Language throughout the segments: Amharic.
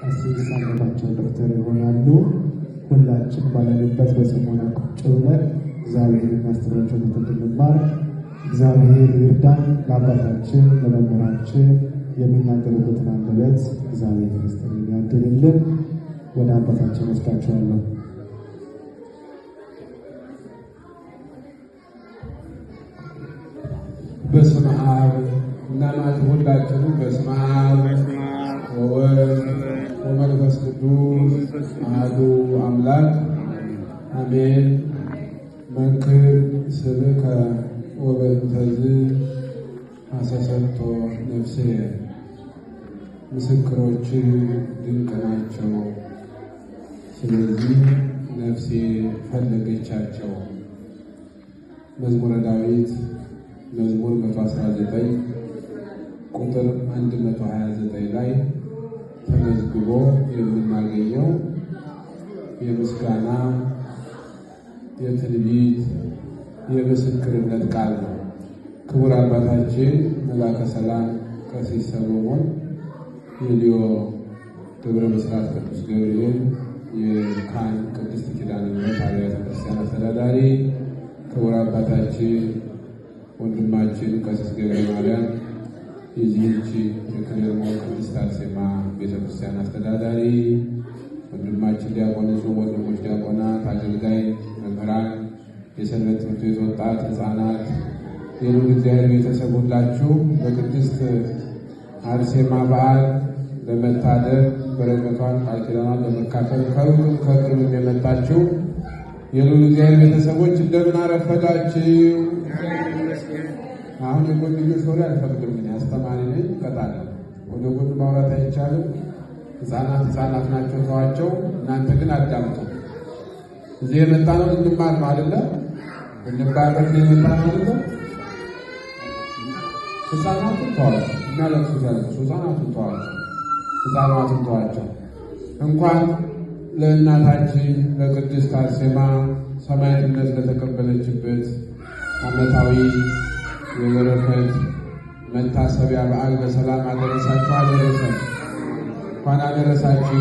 ቀሲስ አለማቸው ዶክተር ይሆናሉ። ሁላችን ባለንበት በጽሞና ቁጭ ብለን እግዚአብሔር የሚያስተምረን እንድንማር እግዚአብሔር ይርዳን። ለአባታችን ለመምህራችን የሚናገሩበትን አንደበት እግዚአብሔር ይመስገን የሚያድልልን። ወደ አባታችን ወስዳችኋለሁ። በስመ አብ እናማት ሁላችንም በስመ አብ ወወልድ ወመንፈስ ቅዱስ አሐዱ አምላክ አሜን። መክር ስብከ ወበእንተዝ አሰሰቶ ነፍሴ፣ ምስክሮች ድንቅ ናቸው፣ ስለዚህ ነፍሴ ፈለገቻቸው። መዝሙረ ዳዊት መዝሙር 119 ቁጥር 129 ላይ መዝግቦ የምናገኘው የምስጋና የትንቢት የምስክርነት ቃል ነው። ክቡር አባታችን መላከ ሰላም ቀሲስ ሰሎሞን የሊዮ ደብረ ምስራት ቅዱስ ገብርኤል የካህን ቅድስት ኪዳነ ምሕረት አብያተ ክርስቲያን አስተዳዳሪ፣ ክቡር አባታችን ወንድማችን ቀሲስ ገብረ ማርያም የዚህች የክልል ቅድስት አርሴማ ቤተክርስቲያን አስተዳዳሪ ወንድማችን ዲያቆን ጹም፣ ወንድሞች ዲያቆናት፣ አገልጋይ መምህራን፣ የሰንበት ትምህርት ቤት ወጣት ህፃናት፣ የሉል እግዚአብሔር ቤተሰብ ሁላችሁ በቅድስት አርሴማ በዓል ለመታደር በረከቷን ቃል ኪዳኗን ለመካፈል ከሁሉም ከቅርብም የመጣችሁ የሉል እግዚአብሔር ቤተሰቦች እንደምን አረፈዳችሁ። አሁን የጎን ልጆች ወሬ አልፈልግም። እኔ አስተማሪ ነኝ፣ እቀጣለሁ። ወደ ጎን ማውራት አይቻልም። ህፃናት ህፃናት ናቸው፣ ተዋቸው። እናንተ ግን አዳምጡ። እዚህ የመጣ ነው እንማር ነው አደለ? እንባበት ነው የመጣ ነው አደለ? ህጻናቱን ተዋቸው፣ የሚያለቅሱት ያለቅሱ። ተዋቸው፣ ህጻናቱን ተዋቸው። እንኳን ለእናታችን ለቅድስት አርሴማ ሰማዕትነት ለተቀበለችበት አመታዊ የበረት መታሰቢያ በዓል በሰላም አደረሳችሁ አደረሰ። እንኳን አደረሳችሁ።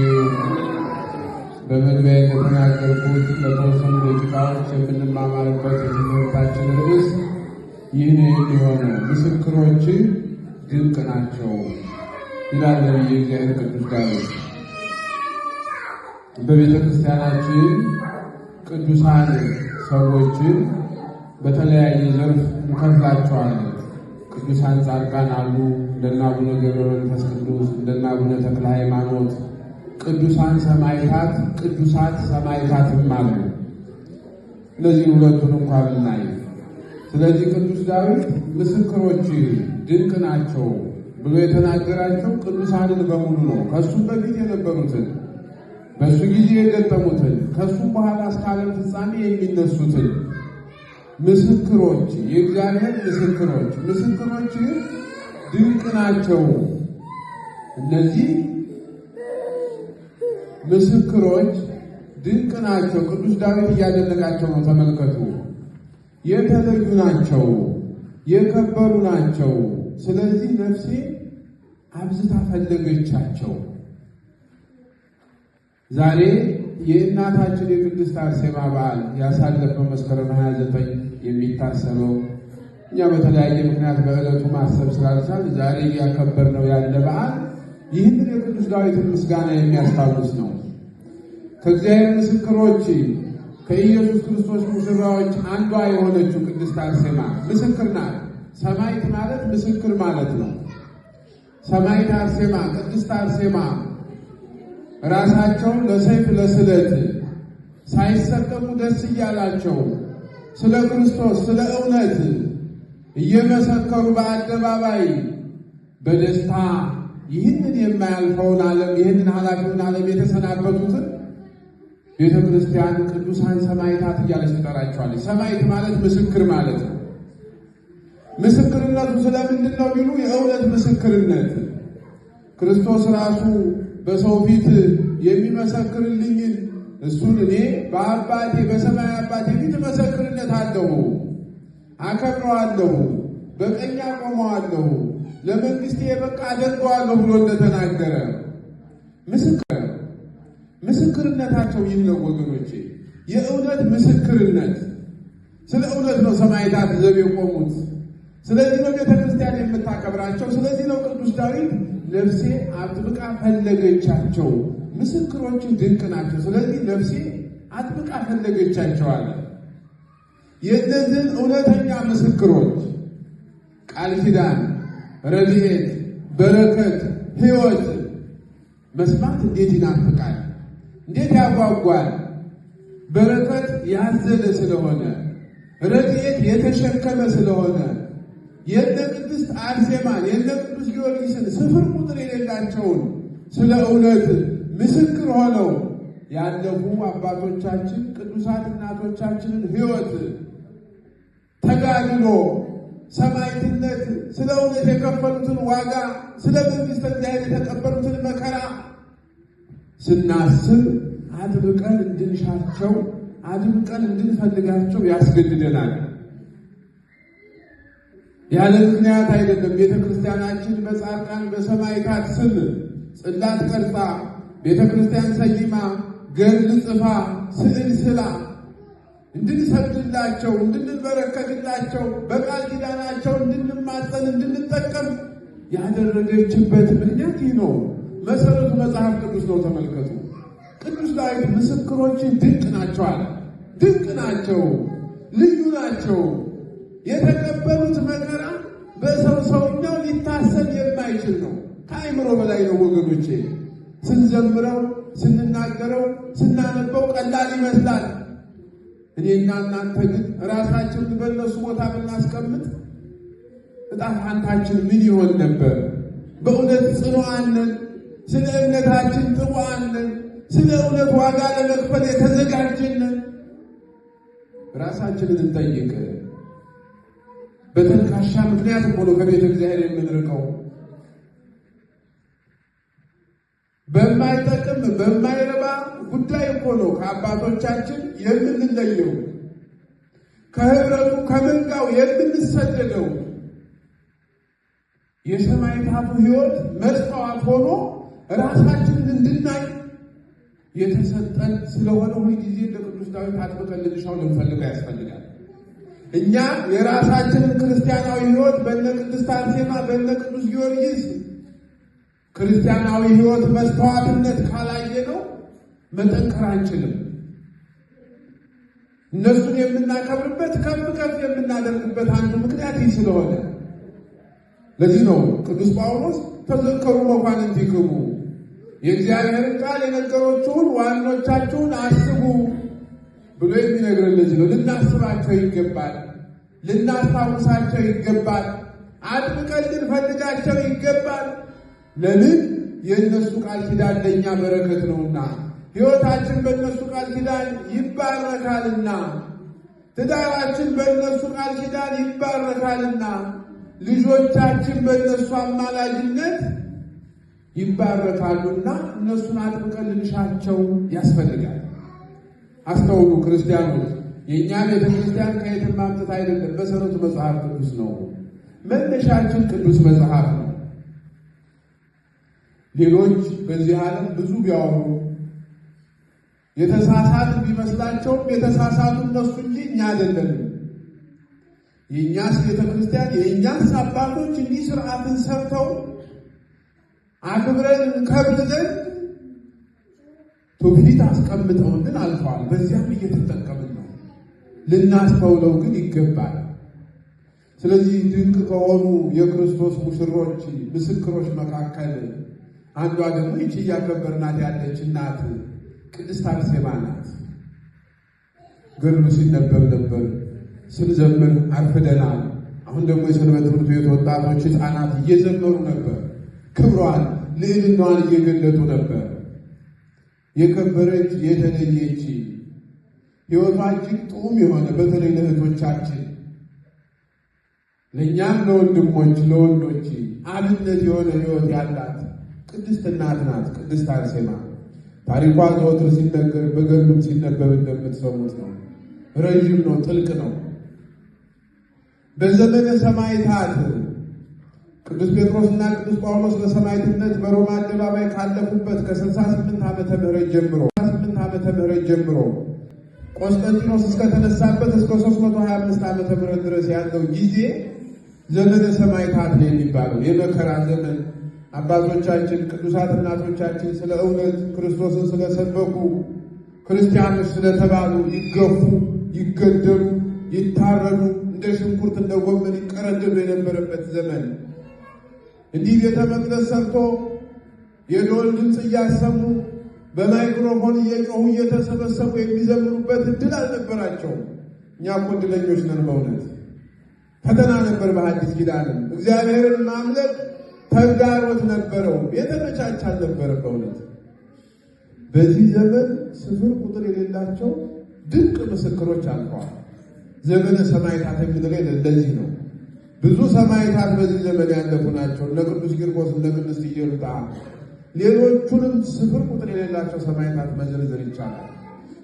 በመግቢያ እንደተናገርኩት ለተወሰኑ ደቂቃዎች የምንማማርበት የትምህርታችን ርዕስ ይህን የሆነ ምስክሮች ድንቅ ናቸው ይላል የእግዚአብሔር ቅዱስ ዳዊት። በቤተ ክርስቲያናችን ቅዱሳን ሰዎችን በተለያየ ዘርፍ እንከፍላቸዋለን። ቅዱሳን ጻድቃን አሉ፣ እንደና አቡነ ገብረ መንፈስ ቅዱስ፣ እንደና አቡነ ተክለ ሃይማኖት፣ ቅዱሳን ሰማይታት፣ ቅዱሳት ሰማይታትም አሉ። እነዚህ ሁለቱን እንኳ ብናይ ስለዚህ ቅዱስ ዳዊት ምስክሮች ድንቅ ናቸው ብሎ የተናገራቸው ቅዱሳንን በሙሉ ነው። ከእሱም በፊት የነበሩትን በእሱ ጊዜ የገጠሙትን ከእሱም በኋላ እስከ ዓለም ፍጻሜ የሚነሱትን ምስክሮች፣ የእግዚአብሔር ምስክሮች ምስክሮች ድንቅ ናቸው። እነዚህ ምስክሮች ድንቅ ናቸው። ቅዱስ ዳዊት እያደነቃቸው ነው። ተመልከቱ። የተለዩ ናቸው፣ የከበሩ ናቸው። ስለዚህ ነፍሴ አብዝታ ፈለገቻቸው። ዛሬ የእናታችን የቅድስት አርሴማ በዓል ያሳለፈው መስከረም 29 የሚታሰበው እኛ በተለያየ ምክንያት በዕለቱ ማሰብ ስላልቻል ዛሬ እያከበርነው ያለ በዓል ይህንን የቅዱስ ዳዊትን ምስጋና የሚያስታውስ ነው። ከእግዚአብሔር ምስክሮች ከኢየሱስ ክርስቶስ ሙሽራዎች አንዷ የሆነችው ቅድስት አርሴማ ምስክር ናት። ሰማይት ማለት ምስክር ማለት ነው። ሰማይት አርሴማ፣ ቅድስት አርሴማ ራሳቸውን ለሰይፍ ለስለት ሳይሰቀሙ ደስ እያላቸው ስለ ክርስቶስ ስለ እውነት እየመሰከሩ በአደባባይ በደስታ ይህንን የማያልፈውን ዓለም ይህንን ኃላፊውን ዓለም የተሰናበቱትን ቤተ ክርስቲያን ቅዱሳን ሰማይታት እያለች ትጠራቸዋለች። ሰማይት ማለት ምስክር ማለት ነው። ምስክርነቱ ስለምንድን ነው ቢሉ የእውነት ምስክርነት ክርስቶስ ራሱ በሰው ፊት የሚመሰክርልኝን እሱን እኔ በአባቴ በሰማይ አባቴ ፊት አለሁ አከብረዋለሁ፣ በቀኝ አቆመዋለሁ፣ ለመንግስቴ የበቃ አደርገዋለሁ ብሎ እንደተናገረ ምስክር ምስክርነታቸው ይህ ነው ወገኖቼ፣ የእውነት ምስክርነት። ስለ እውነት ነው ሰማዕታት ዘብ የቆሙት። ስለዚህ ነው ቤተ ክርስቲያን የምታከብራቸው። ስለዚህ ነው ቅዱስ ዳዊት ነፍሴ አጥብቃ ፈለገቻቸው፣ ምስክሮቹ ድንቅ ናቸው። ስለዚህ ነፍሴ አጥብቃ ፈለገቻቸዋል። የእነዚህን እውነተኛ ምስክሮች ቃል ኪዳን፣ ረድኤት፣ በረከት፣ ህይወት መስማት እንዴት ይናፍቃል! እንዴት ያጓጓል! በረከት ያዘለ ስለሆነ፣ ረድኤት የተሸከመ ስለሆነ የእነ ቅድስት አርሴማን የእነ ቅዱስ ጊዮርጊስን ስፍር ቁጥር የሌላቸውን ስለ እውነት ምስክር ሆነው ያለፉ አባቶቻችን ቅዱሳት እናቶቻችንን ሕይወት ተጋድሎ፣ ሰማዕትነት፣ ስለ እውነት የከፈሉትን ዋጋ፣ ስለ መንግሥተ እግዚአብሔር የተቀበሉትን መከራ ስናስብ አድብቀን እንድንሻቸው አድብቀን እንድንፈልጋቸው ያስገድደናል። ያለ ምክንያት አይደለም። ቤተ ክርስቲያናችን በጻድቃን በሰማዕታት ስም ጽላት ቀርጻ፣ ቤተ ክርስቲያን ሰይማ፣ ገድል ጽፋ፣ ስዕል ስላ እንድንሰግድላቸው፣ እንድንበረከትላቸው፣ በቃል ኪዳናቸው እንድንማጸን፣ እንድንጠቀም ያደረገችበት ምክንያት ይህ ነው። መሰረቱ መጽሐፍ ቅዱስ ነው። ተመልከቱ። ቅዱስ ዳዊት ምስክሮች ድንቅ ናቸዋል። ድንቅ ናቸው፣ ልዩ ናቸው። የተቀበሉት መከራ በሰው ሰውኛው ሊታሰብ የማይችል ነው። ከአይምሮ በላይ ነው ወገኖቼ። ስንዘምረው፣ ስንናገረው፣ ስናነበው ቀላል ይመስላል። እኔና እናንተ ግን ራሳችን በነሱ ቦታ ብናስቀምጥ ዕጣ ፈንታችን ምን ይሆን ነበር? በእውነት ጽኑ አለን፣ ስለ እምነታችን ጥቁዓን ነን? ስለ እውነት ዋጋ ለመክፈል የተዘጋጀን ራሳችንን እንጠይቅ። በትንካሻ ምክንያት ሆኖ ከቤተ እግዚአብሔር የምንርቀው በማይጠቅም በማይረባ ጉዳይ ሆኖ ከአባቶቻችን የምንለየው፣ ከህብረቱ ከመንጋው የምንሰደደው። የሰማዕታቱ ሕይወት መስዋዕት ሆኖ ራሳችንን እንድናይ የተሰጠን ስለሆነ ሁልጊዜ እንደ ቅዱስ ዳዊት አጥብቀን ልንሻው ልንፈልገው ያስፈልጋል። እኛ የራሳችንን ክርስቲያናዊ ህይወት በነ ቅድስት አርሴማ በነ ቅዱስ ጊዮርጊስ ክርስቲያናዊ ህይወት መስተዋትነት ካላየ ነው መጠንከር አንችልም። እነሱን የምናከብርበት ከፍ ከፍ የምናደርግበት አንዱ ምክንያት ይህ ስለሆነ ለዚህ ነው ቅዱስ ጳውሎስ ተዘከሩ መኳንንቲክሙ የእግዚአብሔርን ቃል የነገሮችሁን ዋኖቻችሁን አስቡ ብሎ የሚነግረን ልጅ ነው። ልናስባቸው ይገባል። ልናስታውሳቸው ይገባል። አጥብቀን ልንፈልጋቸው ይገባል። ለምን? የእነሱ ቃል ኪዳን ለእኛ በረከት ነውና ሕይወታችን በእነሱ ቃል ኪዳን ይባረካልና፣ ትዳራችን በእነሱ ቃል ኪዳን ይባረካልና፣ ልጆቻችን በእነሱ አማላጅነት ይባረካሉና እነሱን አጥብቀን ልንሻቸው ያስፈልጋል። አስተውሉ ክርስቲያኖች፣ የእኛ ቤተ ክርስቲያን ከየትም አይደለም። መሰረቱ መጽሐፍ ቅዱስ ነው። መነሻችን ቅዱስ መጽሐፍ ነው። ሌሎች በዚህ ዓለም ብዙ ቢያወሩ የተሳሳት ቢመስላቸውም የተሳሳቱ እነሱ እንጂ እኛ አይደለም የእኛስ ቤተ ክርስቲያን የእኛስ አባቶች እንዲህ ስርዓትን ሰርተው አክብረን ከብዘን ትውፊት አስቀምጠውልን አልፈዋል። በዚያም እየተጠቀምን ነው። ልናስተውለው ግን ይገባል። ስለዚህ ድንቅ ከሆኑ የክርስቶስ ሙሽሮች ምስክሮች መካከል አንዷ ደግሞ ይቺ እያከበርናት ያለች እናት ቅድስት አርሴማ ናት። ገድሉ ሲነበብ ነበር ስንዘምር አርፍደናል። አሁን ደግሞ የሰንበት ትምህርት ቤት ወጣቶች ሕፃናት እየዘመሩ ነበር። ክብሯን ልዕልናዋን እየገለጡ ነበር። የከበረች የተለየች ሕይወቷ እጅግ ጥዑም የሆነ በተለይ ለእህቶቻችን ለእኛም ለወንድሞች ለወንዶች አብነት የሆነ ሕይወት ያላት ቅድስት እናት ናት። ቅድስት አርሴማ ታሪኳ ዘወትር ሲነገር በገሉም ሲነበብ እንደምትሰሙት ነው። ረዥም ነው፣ ጥልቅ ነው። በዘመነ ሰማዕታት ቅዱስ ጴጥሮስና ቅዱስ ጳውሎስ በሰማዕትነት በሮማ አደባባይ ካለፉበት ከ68 ዓመተ ምህረት ጀምሮ 68 ዓመተ ምህረት ጀምሮ ቆስጠንጢኖስ እስከተነሳበት እስከ 325 ዓመተ ምህረት ድረስ ያለው ጊዜ ዘመነ ሰማዕታት ነው የሚባለው። የመከራ ዘመን አባቶቻችን ቅዱሳት እናቶቻችን ስለ እውነት ክርስቶስን ስለሰበኩ ክርስቲያኖች ስለተባሉ ይገፉ፣ ይገደሉ፣ ይታረዱ፣ እንደ ሽንኩርት እንደ ጎመን ይቀረደሉ የነበረበት ዘመን እንዲህ ቤተ መቅደስ ሰርቶ የዶል ድምፅ እያሰሙ በማይክሮፎን እየጮሁ እየተሰበሰቡ የሚዘምሩበት እድል አልነበራቸው እኛ እኮ እድለኞች ነን። በእውነት ፈተና ነበር። በሐዲስ ኪዳንም እግዚአብሔርን ማምለክ ተግዳሮት ነበረው፣ የተመቻቻ አልነበረ። በእውነት በዚህ ዘመን ስፍር ቁጥር የሌላቸው ድንቅ ምስክሮች አልፈዋል። ዘመነ ሰማዕታት የምንለው ለዚህ ነው። ብዙ ሰማዕታት በዚህ ዘመን ያለፉ ናቸው። እነ ቅዱስ ቂርቆስ፣ እነ ቅዱስ ኢየሉጣ ሌሎቹንም ስፍር ቁጥር የሌላቸው ሰማዕታት መዘርዘር ይቻላል።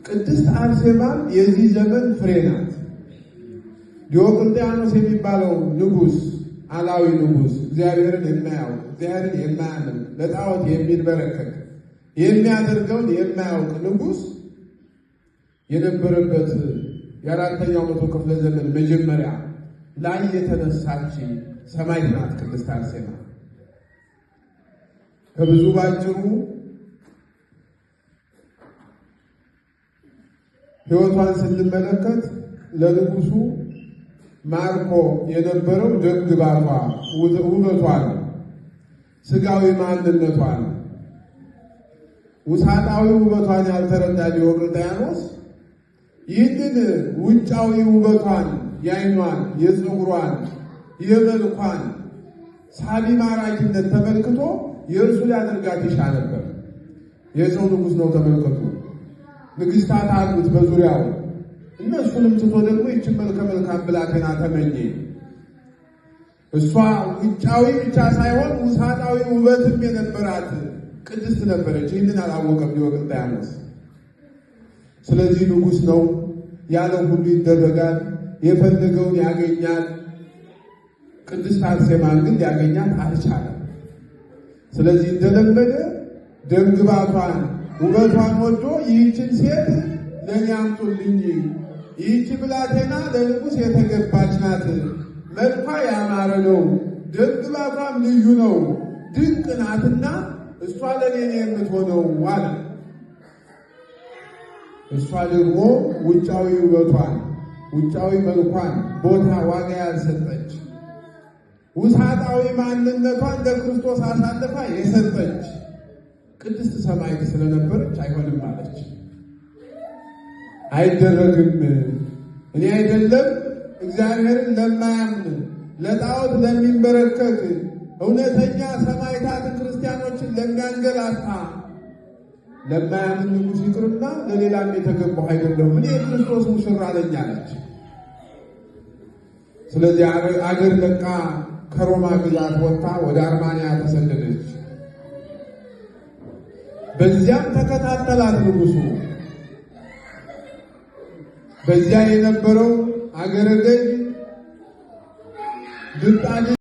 ቅድስት አርሴማም የዚህ ዘመን ፍሬ ናት። ዲዮቅልጥያኖስ የሚባለው ንጉሥ አላዊ ንጉሥ እግዚአብሔርን የማያውቅ እግዚአብሔርን የማያምን ለጣዖት የሚንበረከክ የሚያደርገውን የማያውቅ ንጉሥ የነበረበት የአራተኛው መቶ ክፍለ ዘመን መጀመሪያ ላይ የተነሳች ሰማይ ናት ቅድስት አርሴማ። ከብዙ ባጭሩ ሕይወቷን ስንመለከት ለንጉሱ ማርኮ የነበረው ደግባቷ ውበቷ ነው፣ ስጋዊ ማንነቷን፣ ነው። ውሳጣዊ ውበቷን ያልተረዳ ዲዮቅልጥያኖስ ይህንን ውጫዊ ውበቷን የአይኗን፣ የፀጉሯን፣ የመልኳን ሳቢ ማራኪነት ተመልክቶ የእርሱ ሊያደርጋት ይሻ ነበር። የሰው ንጉሥ ነው። ተመልከቱ፣ ንግሥታት አሉት በዙሪያው። እነሱንም ትቶ ደግሞ ይችን መልከ መልካም ብላቴና ተመኘ። እሷ ውጫዊ ብቻ ሳይሆን ውሳጣዊ ውበትም የነበራት ቅድስት ነበረች። ይህንን አላወቀም ዲዮቅልጥያኖስ። ስለዚህ ንጉሥ ነው ያለው ሁሉ ይደረጋል። የፈለገውን ያገኛል። ቅድስት አርሴማን ግን ያገኛት አልቻለም። ስለዚህ እንደለመደ ደምግባቷን ውበቷን ወዶ ይህችን ሴት ለእኔ አምጡልኝ፣ ይህች ብላቴና ለንጉሥ የተገባች ናት፣ መልኳ ያማረ ነው፣ ደምግባቷም ልዩ ነው፣ ድንቅ ናትና እሷ ለእኔ የምትሆነው አለ። እሷ ደግሞ ውጫዊ ውበቷን ውጫዊ መልኳን ቦታ ዋጋ ያልሰጠች ውሳጣዊ ማንነቷን ለክርስቶስ አሳልፋ የሰጠች ቅድስት ሰማዕት ስለነበረች አይሆንም አለች። አይደረግም። እኔ አይደለም እግዚአብሔርን ለማያምን ለጣዖት ለሚንበረከክ እውነተኛ ሰማዕታትን ክርስቲያኖችን ለሚያንገላታ ለማያምን ንጉሥ ይቅርና ለሌላም የተገባሁ አይደለሁም እኔ የክርስቶስ ሙሽራ ነኝ አለች። ስለዚህ አገር ለቃ ከሮማ ግዛት ወጥታ ወደ አርማንያ ተሰደደች። በዚያም ተከታተላት ንጉሱ። በዚያ የነበረው አገረ ገዥ